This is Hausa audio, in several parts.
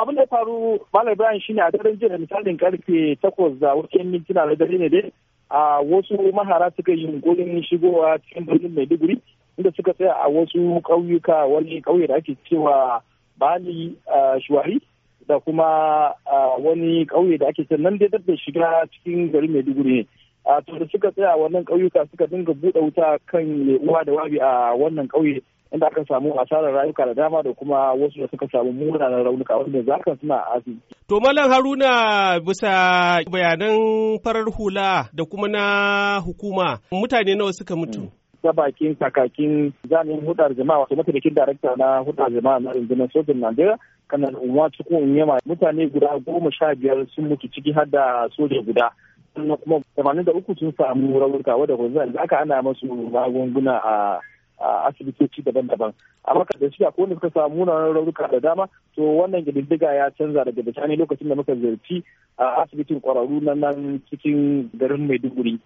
abin da ya faru malam ibrahim shine a daren jiya misalin karfe takwas da wakilin mintuna na dare ne dai a wasu mahara suka yi yunkurin shigowa cikin birnin maiduguri inda suka tsaya a wasu ƙauyuka wani ƙauye da ake cewa bali shuwari da kuma wani ƙauye da ake nan dai da shiga cikin garin maiduguri ne to da suka tsaya wannan ƙauyuka suka dinga buɗe wuta kan uwa da wabi a wannan ƙauye inda aka samu asarar rayuka da dama da kuma wasu da suka samu munanan raunuka wanda za ka suna asibiti. To Malam Haruna bisa bayanan farar hula da kuma na hukuma mutane nawa suka mutu? ta bakin kakakin jami'in hudar jama'a wato mataimakin darakta na hudar jama'a na rundunar sojin Najeriya kanan umar cikin mutane guda goma sha biyar sun mutu ciki har da soja guda sannan kuma 83 sun samu raunuka wadda kuma aka ana masu magunguna a asibitoci daban-daban maka da shi akwai wanda suka samu munanan raunuka da dama to wannan gididdiga ya canza daga bisani lokacin da muka ziyarci A asibitin kwararru na nan cikin garin maiduguri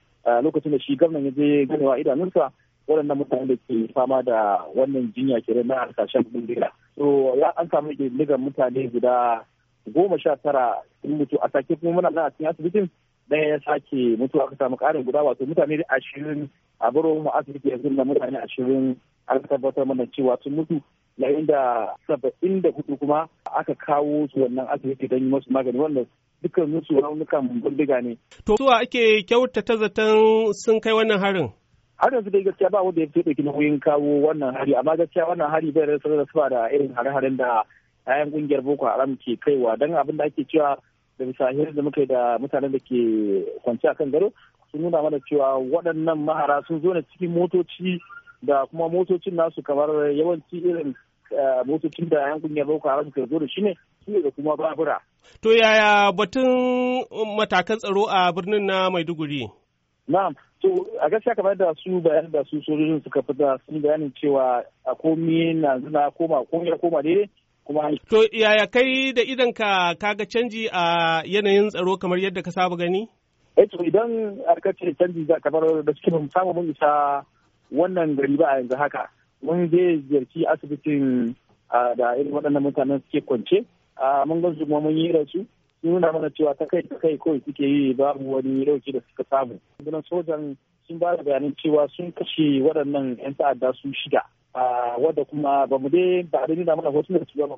lokacin da shi gwamnan ya je ganewa idanunsa waɗannan mutane da ke fama da wannan jinya ke na harkashen bindiga to ya an samu gididdigan mutane guda goma sha tara sun mutu a sake kuma muna nan a cikin asibitin ɗaya ya sake mutuwa aka samu ƙarin guda wato mutane ashirin a baro mu asibiti yanzu na mutane ashirin an tabbatar mana cewa sun mutu yayin da saba'in da hudu kuma aka kawo su wannan asibiti don yi masu magani wanda dukkan musu raunukan bindiga ne. To suwa ake kyautata zaton sun kai wannan harin? har yanzu dai gaskiya ba wanda ya fi ɗauki nauyin kawo wannan hari amma gaskiya wannan hari bai rasa da da irin hare-haren da 'ya'yan ƙungiyar boko haram ke kaiwa don abin da ake cewa da misahiyar da muka yi da mutanen da ke kwanci kan gado sun nuna mana cewa waɗannan mahara sun zo ne cikin motoci da kuma motocin nasu kamar yawanci irin eh, motocin da yan kungiyar boko haram ke zo da shi ne su da kuma babura. To yaya batun matakan tsaro a birnin na Maiduguri? Na'am, to a gaskiya kamar da su bayan da su sojojin suka fita sun bayanin cewa a komi na zina koma komi ya koma daidai kuma to yaya kai da idan ka kaga canji a yanayin tsaro kamar yadda ka saba gani eh to idan aka canji za kamar da suke mun samu mun isa wannan gari ba a yanzu haka mun je ziyarci asibitin da irin waɗannan mutanen suke kwance mun ga su mun yi rasu sun nuna mana cewa ta kai ta kai kawai suke yi babu wani rauki da suka samu. Gunan sojan sun bada da bayanin cewa sun kashe waɗannan 'yan ta'adda sun shida. Ah, wadda kuma ba mu dai ba a nuna mana hotunan su ba mu